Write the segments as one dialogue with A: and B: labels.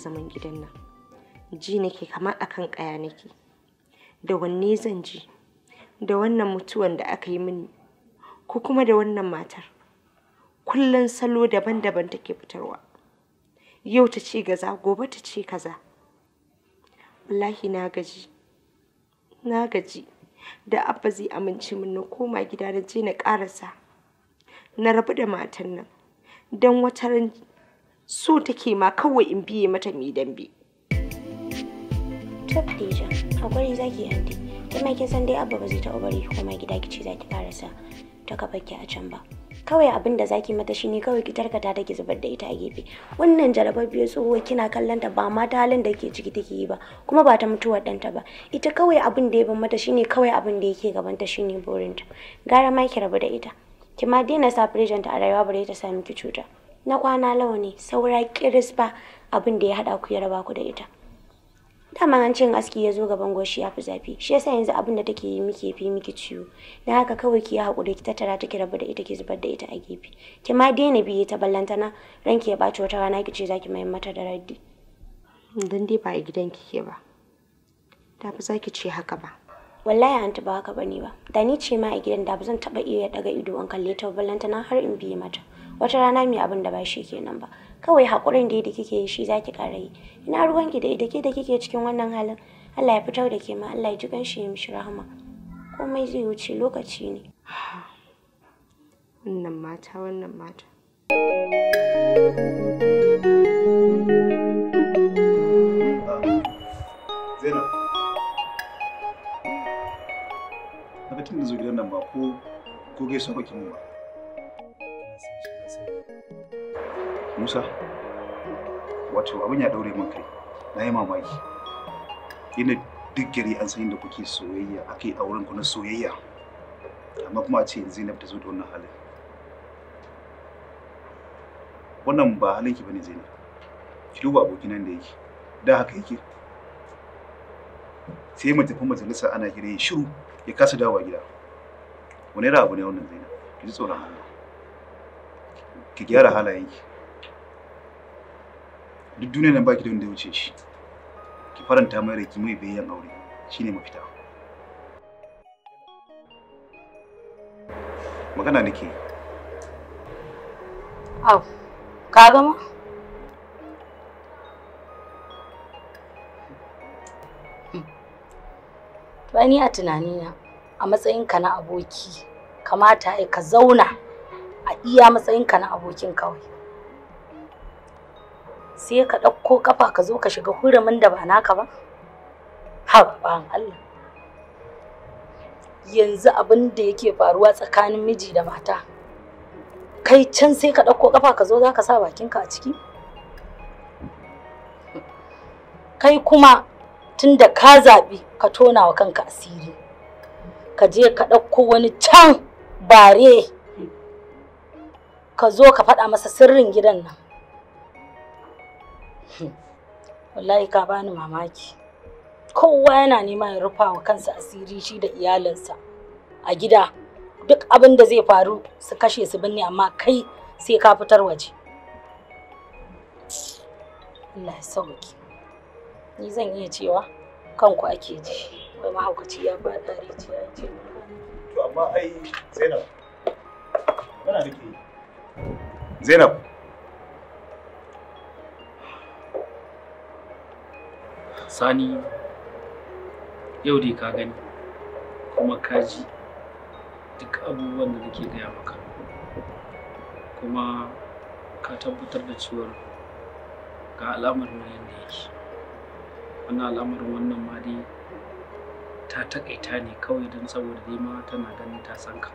A: zaman gidan nan ji nake kamar akan kaya nake da wanne zan ji da wannan mutuwan da aka yi mini ko kuma da wannan matar kullum salo daban-daban take fitarwa yau ta ce gaza gobe ta ce kaza wallahi na gaji na gaji da abba zai amince min na koma gida da je na karasa na rabu da matan nan don wata so take ma kawai in biye mata mai dambe. To Khadija, hakuri zaki hande. Kuma kin san dai Abba ba zai taɓa bari ko koma gida ki za zaki karasa ta kafa ki a can ba. Kawai abin da zaki mata shine kawai ki tarkata ki zubar da ita a gefe. Wannan jarababbiyar tsohuwa kina kallon ta ba ma ta halin da ke ciki take yi ba, kuma ba ta mutuwar ɗanta ba. Ita kawai abin da ya ban mata shine kawai abin da yake gabanta shine burinta. Gara ma ki rabu da ita. Ki ma daina sa ta a rayuwa bare ta sami ki cuta. na kwana lawa ne saura kiris ba abin da ya hada ku ya raba ku da ita dama an cin aski ya zo gaban goshi ya fi zafi shi yasa yanzu abin da take yi miki fi miki ciwo dan haka kawai ki haƙuri ki tattara ta ki rabu da ita ki zubar da ita a gefe ki ma daina biye ta ballantana ranki ya bace wata rana ki ce zaki mai mata da raddi dan dai ba a gidan kike ba da ba zaki ce haka ba wallahi an ba haka bane ba da ni ce ma a gidan da ba zan taba iya daga ido an kalle ta ballantana har in biye mata wata rana mai abin da ba shi kenan ba kawai haƙurin da da kike yi shi za ki ƙara yi ina ruwan ki da ita ke da kike cikin wannan halin Allah ya fitar da ke ma Allah ya ji shi ya mishi rahama komai zai wuce lokaci ne wannan mata wannan mata
B: Zainab, na fitin da zo gidan nan ba ko ko gaisuwa bakin mu ba. Musa, wato abin ya daure mun kai, na yi mamaki. Ina duk gari an san inda kuke soyayya, ake auren ku na soyayya. Amma kuma a ce yanzu Zainab ta zo da wannan halin. Wannan ba halin ki bane Zainab. Ki duba abokin nan da yake. Da haka yake. Sai mu tafi majalisa ana kira shiru ya kasa dawowa gida. Wani abu ne wannan Zainab? Ki ji tsoron Allah. Ki gyara halayenki. duk duniyar nan baki da wanda ya wuce shi ki faranta mai rai ki mai bayyan aure shine mafita magana nake
C: au ka gama to ni a tunanina a matsayinka na aboki kamata ai ka zauna a iya matsayinka na abokin kawai sai ka ɗauko ƙafa ka zo ka shiga hurumin da ba naka ba haɓɓan Allah yanzu abin da yake faruwa tsakanin miji da mata kai can sai ka ɗauko ƙafa ka zo za ka sa bakinka a ciki kai kuma tun da ka zaɓi ka tona wa kanka asiri ka je ka ɗauko wani can bare ka zo ka faɗa masa sirrin gidan nan wallahi ka bani mamaki kowa yana nema ya rufa wa kansa asiri shi da iyalinsa a gida duk abin da zai faru su kashe su binne amma kai sai ka fitar waje Allah ya sauki ni zan iya cewa kanku ake ji wai mahaukaci ya
B: faɗa ce ya ce to amma ai Zainab kana nake Zainab
D: sani yau dai ka gani kuma ka ji duk abubuwan da nake gaya maka kuma ka tabbatar da cewa ga alamar nan yadda yake wannan alamar wannan ma dai ta takaita ne kawai don saboda dai ma tana ganin ta san ka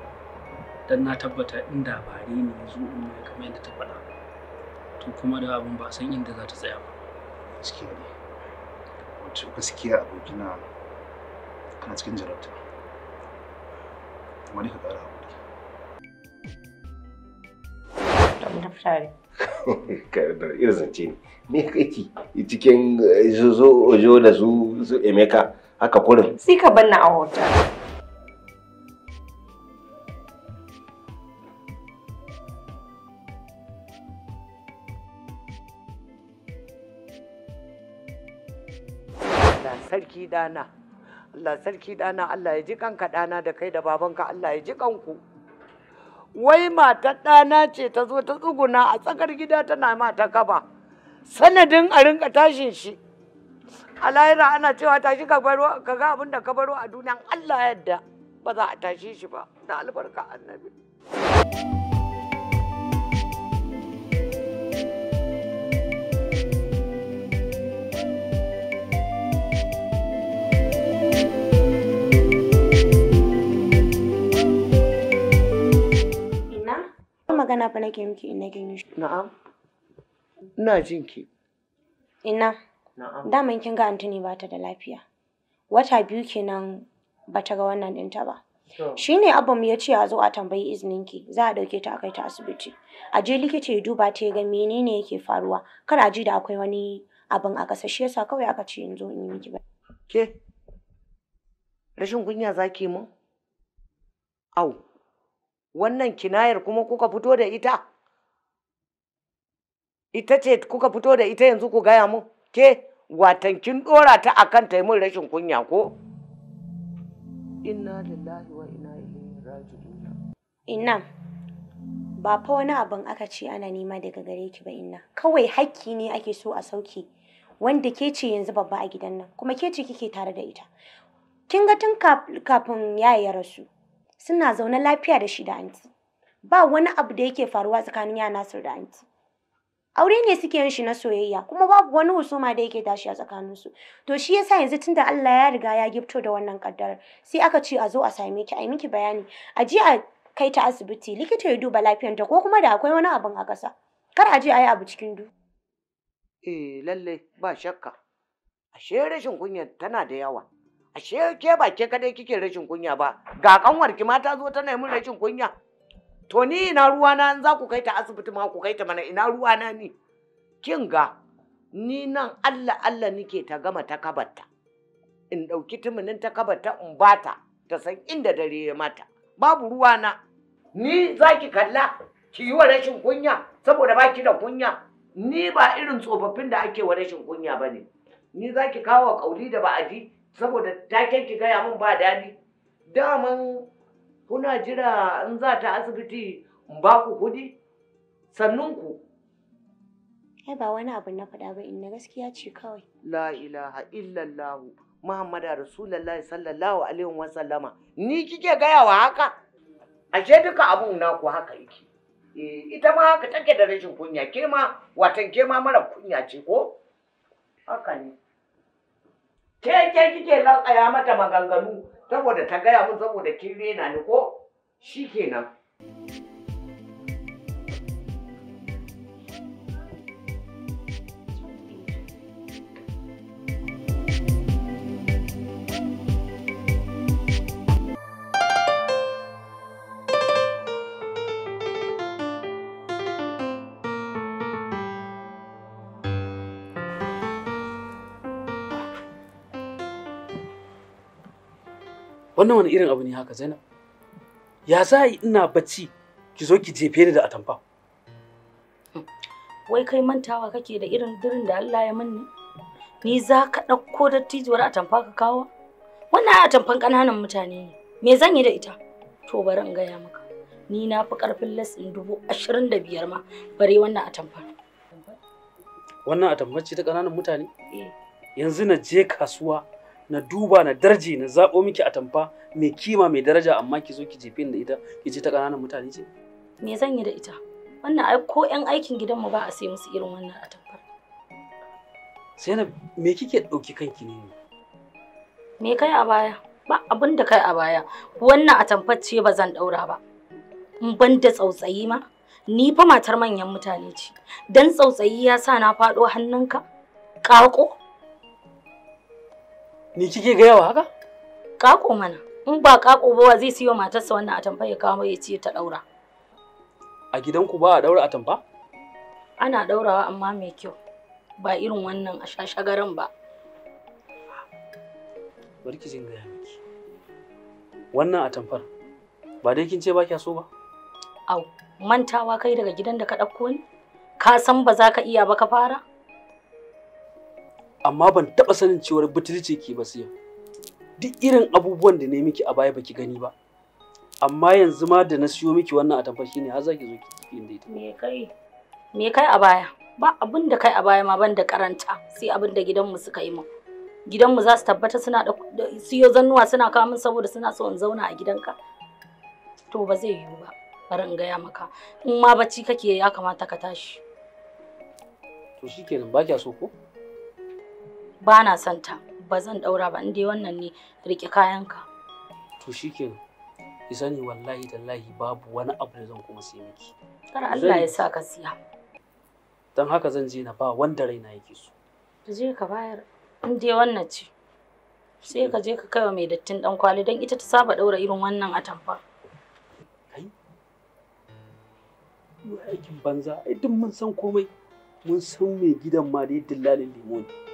D: don na tabbata inda ba ne ne yanzu umma kamar yadda ta faɗa to kuma da abin ba san inda za ta tsaya ba
B: cikin ne to gaskiya abokina kana cikin jarabta wani ka ƙara haƙuri da irin zance ne me kake cikin zo ojo da su su emeka haka kurin
C: sai ka banna a hotel
E: sarki dana Allah sarki dana Allah ya ji kanka dana da kai da babanka Allah ya ji kanku wai matar dana ce ta zo ta tsuguna a tsakar gida tana mata kaba sanadin a rinka tashin shi a ana cewa tashi ka baro ka ga abin da ka baro a duniyan Allah yadda ba za a tashi shi ba da albarka annabi
A: magana fa nake miki in nake shi.
E: Na'am. Ina jin ki. Ina. Na'am.
A: Daman kin ga Antony ba ta da lafiya. Wata biyu kenan ba ta ga wannan ɗinta ba. Shi ne abam ya ce a zo a tambayi izinin ki za a ɗauke ta a kai ta asibiti. A je likita ya duba ta ya ga menene yake faruwa kar a ji da akwai wani
E: abin a ƙasa shi yasa kawai aka ce in zo in yi miki ba. Ke rashin kunya zaki mu? Au. wannan kinayar kuma kuka fito da ita ita ce kuka fito da ita yanzu ku gaya mun ke watan kin dora ta akan ta mun rashin kunya ko inna lillahi wa inna ilaihi raji'un inna
A: ba fa wani abin aka ce ana nema daga gare ki ba inna kawai hakki ne ake so a sauke wanda ke ce yanzu babba a gidan nan kuma ke ce kike tare da ita kin ga tun kafin yaya ya rasu suna zaune lafiya da shi da anti ba wani abu da yake faruwa tsakanin yana da anti aure ne suke yin shi na soyayya kuma babu wani husuma da yake tashi a tsakanin su to shi yasa yanzu tunda Allah ya riga ya gifto da wannan kaddarar sai aka ce a zo a same ki a yi miki bayani a je a kai ta asibiti likita ya duba ta,
E: ko kuma da akwai wani abin a kasa kar a je a yi abu cikin du eh lalle ba shakka ashe rashin kunya tana da yawa ashe ke ba ke kadai kike rashin kunya ba ga kanwar ki ma ta zo tana min rashin kunya to ni ina ruwa na za ku kai ta asibiti ma ku kai ta mana ina ruwa na ni kin ga ni nan Allah Allah nike ta gama ta kabarta in ɗauki tumunin ta kabarta in bata ta san inda dare ya mata babu ruwa na ni za kalla ki yi wa rashin kunya saboda baki da kunya ni ba irin tsofaffin da ake wa rashin kunya bane ni zaki ki kawo kauli da ba'adi saboda taken ki gaya min ba daɗi daman kuna jira in za ta asibiti in ba ku kuɗi sannun ku
A: ai ba wani abu na faɗa ba inna gaskiya
E: ce kawai la ilaha illallah muhammadu rasulullahi sallallahu alaihi wa sallama ni kike gaya wa haka ashe duka abun na ku haka yake eh, ita ma haka take da rashin kunya ke ma watan ke ma mara kunya ce ko haka ne ke ke kike nan mata maganganu saboda ta gaya mun saboda kin rena ni ko shikenan
D: wannan wani irin abu ne haka zainab ya za yi ina bacci ki zo ki jefe ni da atamfa
C: wai kai mantawa kake da irin dirin da Allah ya manne ni za ka ɗauko dattijuwar atamfa ka kawo wannan atamfan ƙananan mutane ne me zan yi da ita to bari in gaya maka ni na fi ƙarfin lasin dubu ashirin da biyar ma bare wannan atamfa
D: wannan atamfa ce ta ƙananan mutane eh. yanzu na je kasuwa na duba na darje na zaɓo miki a tamfa mai kima mai daraja amma ki zo ki jefe da ita ki ce ta ƙananan mutane ce me zan yi da ita
C: wannan ai ko yan aikin gidanmu ba a sai musu irin wannan atamfar
D: sai na me kike ɗauki kanki ne
C: me kai a baya ba abin da kai a baya wannan atamfar ce ba zan ɗaura ba in ban da tsautsayi ma ni fa matar manyan mutane ce dan tsautsayi ya sa na faɗo hannunka ƙaƙo
D: Ni kike ga yawa haka?
C: Kako mana. In ba kako ba zai siyo matarsa wannan atamfa ya kawo ya ce ta daura.
D: A gidanku ba a daura atamfa?
C: Ana daurawa amma mai kyau. Ba irin wannan a shashagaran ba.
D: Bari ki jinga ya miki. Wannan atamfar ba dai kin ce ba kya so ba?
C: Au, mantawa kai daga gidan da ka ɗauko ni? Ka san ba za ka iya ba ka fara?
D: amma ban taɓa sanin cewar ce ke ba sai duk irin abubuwan da ne miki a baya baki gani ba amma yanzu ma da na siyo miki wannan atamfa shine har zaki zo ki inda ita me kai
C: me kai a baya ba abin da kai a baya ma ban da karanta sai abin da gidanmu suka yi min gidanmu za su tabbata suna da siyo zannuwa suna kawo min saboda suna so in zauna a gidanka to ba zai yiwu ba bari in gaya maka in ma bacci kake ya kamata ka tashi
D: to shikenan ba kya so ko
C: ba na son ta ba zan daura ba inda wannan ne rike kayanka
D: to shikenan ki sani wallahi tallahi babu wani abu da zan kuma sai miki
C: kar Allah ya sa ka siya
D: dan haka zan je na ba wanda raina yake so
C: je ka bayar wannan ce sai ka je ka kaiwa mai dattin dan kwali dan ita ta saba daura irin wannan atamfa
D: kai aikin banza ai duk mun san komai mun san mai gidan ma da yadda lalin limoni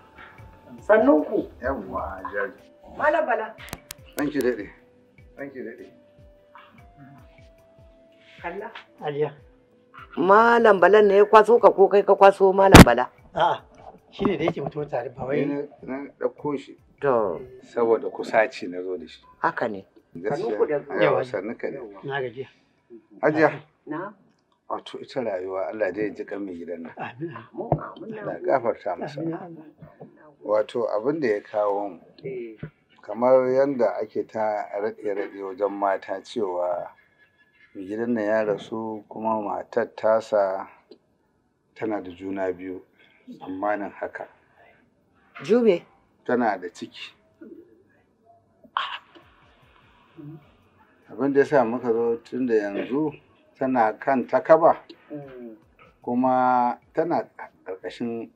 F: Sannun ku. Yawwa, jari. Malam Bala. Thank you daɗe. Thank you daɗe.
E: Kalla. Aliya. Malam Bala ne ya kwaso ka ko kai ka kwaso Malam Bala?
F: A'a. Shi ne da yake mutuwar tare ba wai. Na ɗauko shi. To. Saboda kusaci na zo da shi. Haka ne. Gaskiya. Yawa sannu ka ne. Na
E: gajiya. Ajiya. Na.
F: Wato ita rayuwa Allah dai ya ji kan mai gidan nan. Amin. Allah gafarta masa. Amin. wato abin da ya kawo mu eh. kamar yadda ake ta raɗe-raɗe wajen mata cewa gidan na ya rasu kuma matar tasa tana da juna biyu tsammanin haka jube tana da ciki abin da ya sa muka zo tun da yanzu tana kan takaba mm. kuma tana ƙarƙashin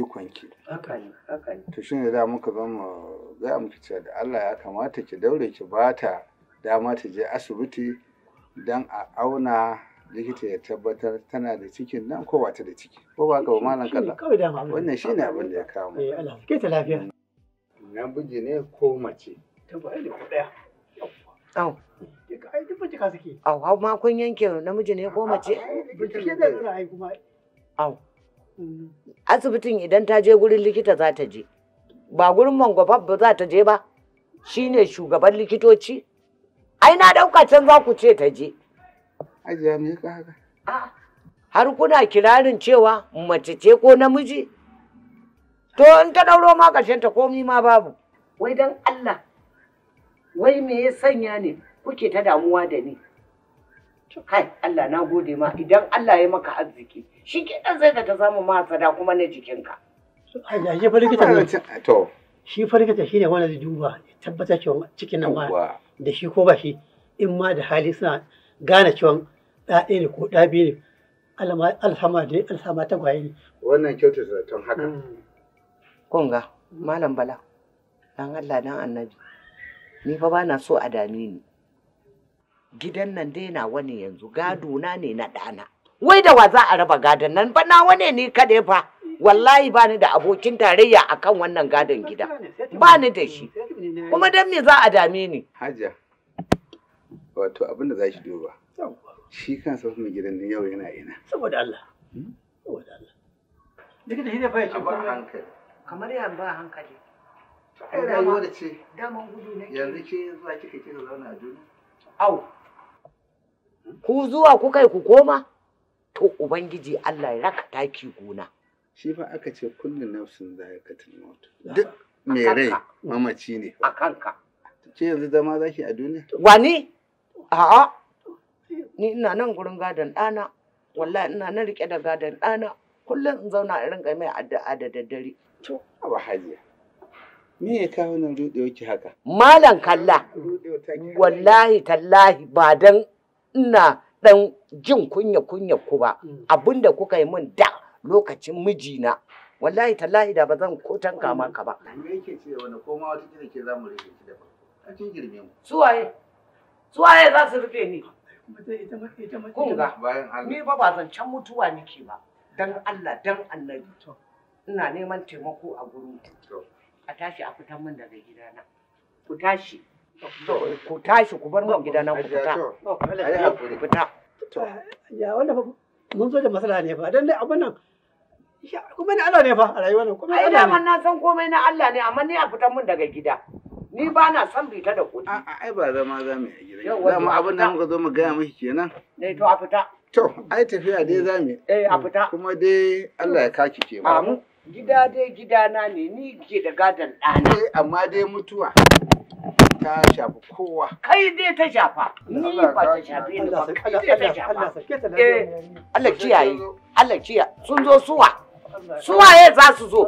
F: ikonki. ki.
E: Haka ne, haka ne.
F: To da muka zo mu ga muke cewa da Allah ya kamata ki daure ki bata dama ta je asibiti dan a auna likita ya tabbatar tana da cikin nan ko ba ta da ciki. Ko ba ka ba malam kalla.
E: Wannan shi ne abin da ya kawo Eh Allah, ke ta lafiya.
F: Namiji ne ko mace?
E: Ta ba daya. Au. Ai duk mace ka suke. Au, hau ma kun yanke namiji ne ko mace? Bincike da zai ai kuma. Au. asibitin idan ta je gurin likita za ta je ba gurin mangwafan ba za ta je ba Shi ne shugaban likitoci ai na dauka can za ku ce ta je har kuna kirarin cewa mace ce ko namiji to in ta dauro ma ta komi ma babu wai dan Allah wai me ya sanya ne kuke ta damuwa da ni kai Allah na gode ma idan Allah ya maka arziki shi ke dan zai ka ta samu sada kuma na jikinka subhanallah shi fa likita ne to shi fa likita shine wannan zai duba tabbata cewa cikin nan ma da shi ko ba shi in ma da hali suna gane cewa da ɗaya ne ko ɗa biyu ne alhama da alhama ta gwaye ne
F: wannan kyautar
E: zaton haka hmm. kunga malam bala dan Allah dan annabi ni fa na so a dame ni gidan nan dai nawa ne yanzu gado ne na ɗana wai da wa za a raba gadon nan ba nawa ne ni kaɗai fa wallahi ba ni da abokin tarayya a kan wannan gadon gida ba ni da shi kuma dan me za a dame ni hajiya
F: wato abin da za shi duba shi kansa mai gidan nan yau yana ina
E: saboda Allah hmm? saboda Allah da shi ne fa yake ba hankali kamar yan ba hankali ai rayuwa da ce daman gudu nake yanzu
F: ke zuwa kika kika zauna a duniya
E: au ku zuwa ku kai ku koma to ubangiji Allah ya raka taki gona shi fa
F: aka ce kullun nafsin za'iqatul maut duk
E: me rai mamaci
F: ne a kanka ce yanzu zama zaki a duniya
E: wani a'a ni ina nan gurin gadon dana, wallahi ina nan rike da gadon dana kullum in zauna irin rinka mai addu'a da daddare to abu hajiya me ya kawo nan rudewa ki haka malam kalla wallahi tallahi ba dan ina ɗan jin kunya kunya ku ba mm. abinda kuka yi min da lokacin mijina wallahi tallahi da ba zan ko tanka mm. maka ba me yake suwaye suwaye za su rufe ni kun ga ni ba ba zan can mutuwa nake ba dan Allah dan annabi ina neman taimako a gurin a tashi a fitan min daga gidana ku tashi ku tashi ku bar min gida nan ku fita fita ya wanda mun zo da ne fa dai abin nan kuma ni Allah ne fa a rayuwar nan kuma Allah na san komai na Allah ne amma ni a fitan mun daga gida ni ba na san bita da kuɗi ai
F: ba zama za mu yi gida zama abin da muka zo mu gaya miki kenan
E: eh, to a fita
F: to ai tafiya dai za mu eh a fita kuma dai Allah ya kaki ke mu
E: gida dai gidana ne ni ke da gadon ɗana eh, amma dai mutuwa ta shafi kowa. Kai dai ta shafa. Ni ba ta shafe ni ba. Kai dai ta shafa. Eh, Allah kiyaye. Allah Sun zo suwa. Suwaye za su zo.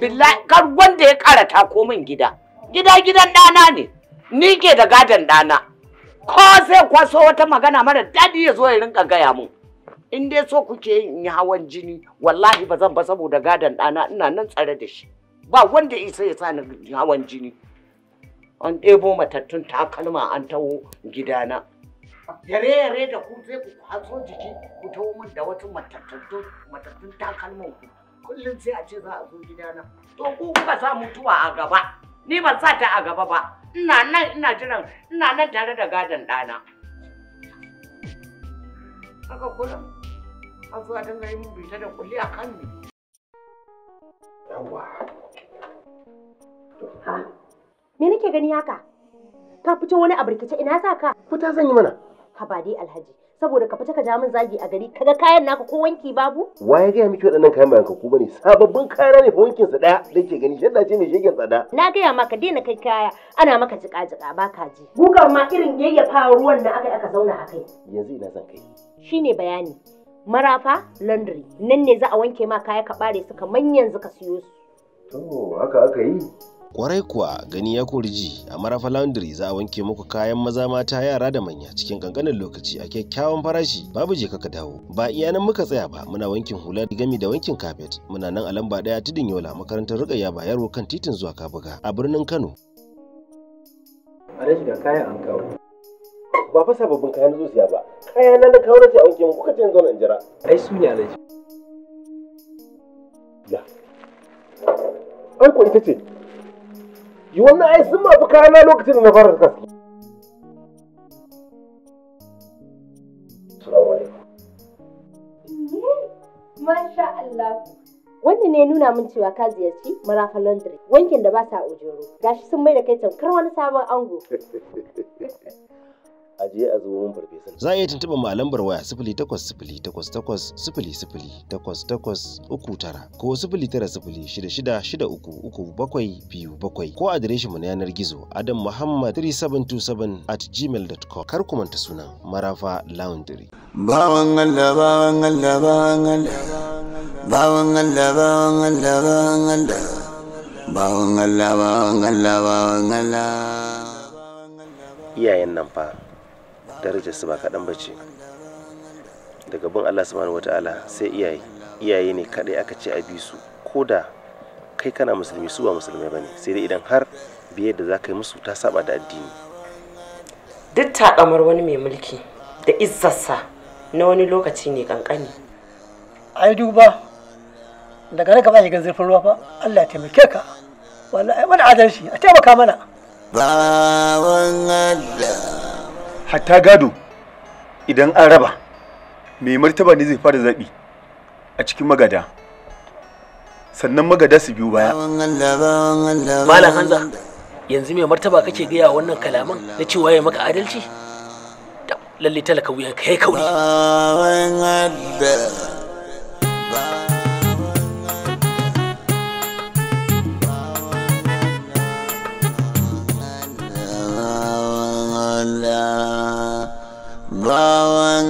E: Billahi kar wanda ya karata ko min gida. Gida gidan ɗana ne. Ni ke da gadon ɗana. Ko sai kwaso wata magana mara daɗi ya zo ya rinka gaya mu. In dai so kuke yin hawan jini, wallahi ba zan ba saboda gadon ɗana ina nan tsare da shi. Ba wanda isa ya sa ni hawan jini. an ɗebo matattun takalma an taho gidana yare-yare da ku sai ku haso jiki ku taho min da wata matattun takalman ku kullum sai a ce za a zo gidana to ku kuka sa mutuwa a gaba ni ban sa ta a gaba ba ina nan ina jiran ina nan tare da gadon ɗana haka kullum an zuwa a dinga yi bita da kulli a kan ni
B: yawwa
A: Me nake gani haka? Ka fito wani a burkice ina sa ka? Fita zan yi mana. Ka ba dai Alhaji. Saboda ka fita ka ja min zagi a gari, kaga kayan naka ko wanki babu?
B: Wa ya gaya miki waɗannan kayan bayan ka ko bane? Sababbin kaya ne fa wankin su daya da ke gani shadda ce mai shegen tsada.
A: Na gaya maka daina kai kaya, ana maka jika-jika ba ka ji. gugar ma irin yayyafa ruwan da aka aka zauna a kai.
B: Yanzu ina zan kai.
A: Shine bayani. marafa laundry nan ne za a wanke ma kaya ka bare su kamar yanzu ka siyo
B: su. To haka aka yi. Kwarai kuwa gani ya kori ji a Marafa Laundry za a wanke muku kayan maza mata yara da manya cikin kankanin lokaci a kyakkyawan farashi babu je kaka dawo. Ba iya nan muka tsaya ba muna wankin hular gami da wankin kafet muna nan a lamba daya tudun yola makarantar Rukayya yaro kan titin zuwa Kabuga a birnin Kano. A shiga kayan an kawo. Ba fa sababbin kayan zuciya ba. Kaya na kawo na ce a wanke muku kuka ce jira. Ai su ne alaji. Ya. Ai ita ce yi wannan ai sun mafi kayana lokacin da na fara gaske
F: Masha Allah.
B: Wannan
A: ne nuna min cewa ka ziyarci Marafa Laundry, wankin da ba sa ojoro. Gashi sun mai da kai tamkar wani sabon ango.
B: a je a zubo mun farfesa. za a iya tuntuɓa malam barwaya sifili takwas sifili takwas takwas sifili sifili takwas takwas uku tara ko sifili tara sifili shida shida shida uku uku bakwai biyu bakwai ko adireshin mu na yanar gizo adam muhammad 3727 at gmail.com kar ku manta sunan marafa laundry
F: bawan allah bawan allah bawan allah bawan அல்ல bawan அல்ல
B: bawan அல்ல bawan அல்ல iyayen nan fa darajar su ba kaɗan ba ce daga bin allah subhanahu wataala sai iyaye iyaye ne kaɗai aka ce a bi su ko da kai kana musulmi su ba musulmai ba ne sai dai idan har biye da za ka yi musu ta saba da addini
E: duk taɗamar wani mai mulki da izzarsa na wani lokaci ne kankani ai duba daga nan ka shi gan zurfin ruwa ba. Allah ya taimake ka wani adalci a taimaka mana
B: bawan Allah hatta gado idan an raba mai martaba ne zai fara zaɓi a cikin magada sannan magada su biyu baya malam hanza
D: yanzu mai martaba kake gaya wannan kalaman na cewa ya maka adalci lalle talaka wuyan kai kauri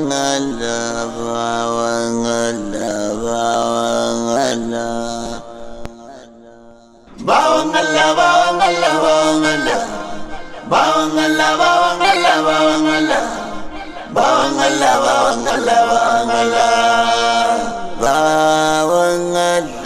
F: bawan
C: Allah